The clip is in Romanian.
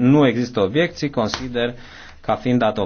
nu există obiecții, consider ca fiind adoptat.